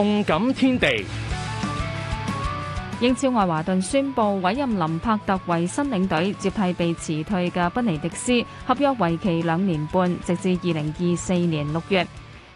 動感天地，英超愛華頓宣布，委任林柏特為新領隊，接替被辭退嘅賓尼迪斯，合約為期兩年半，直至二零二四年六月。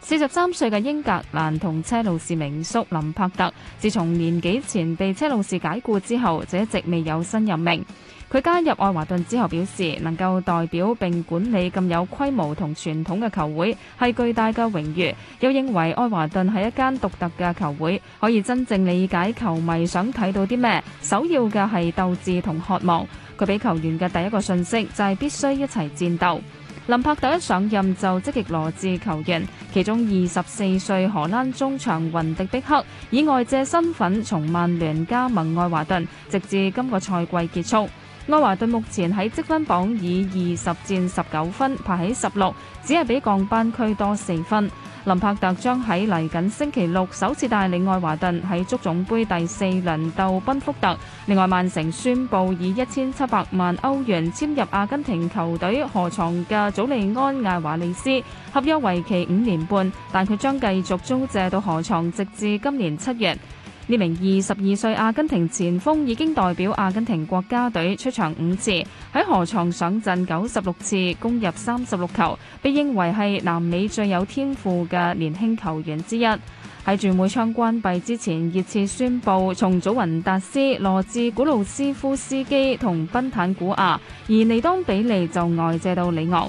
四十三歲嘅英格蘭同車路士名宿林柏特，自從年幾前被車路士解雇之後，就一直未有新任命。佢加入愛華頓之後表示，能夠代表並管理咁有規模同傳統嘅球會，係巨大嘅榮譽。又認為愛華頓係一間獨特嘅球會，可以真正理解球迷想睇到啲咩。首要嘅係鬥志同渴望。佢俾球員嘅第一個信息就係必須一齊戰鬥。林柏特一上任就積極羅致球員，其中二十四歲荷蘭中場雲迪碧克以外借身份從曼聯加盟愛華頓，直至今個賽季結束。愛華頓目前喺積分榜以二十戰十九分排喺十六，只係比降班區多四分。林柏特將喺嚟緊星期六首次帶領愛華頓喺足總杯第四輪鬥賓福特。另外，曼城宣布以一千七百萬歐元簽入阿根廷球隊河床嘅祖利安艾華利斯，合約為期五年半，但佢將繼續租借到河床直至今年七月。呢名二十二歲阿根廷前鋒已經代表阿根廷國家隊出場五次，喺河床上陣九十六次，攻入三十六球，被認為係南美最有天賦嘅年輕球員之一。喺轉會窗關閉之前，熱刺宣佈從祖雲達斯羅致古魯斯夫斯基同賓坦古亞，而尼當比利就外借到里昂。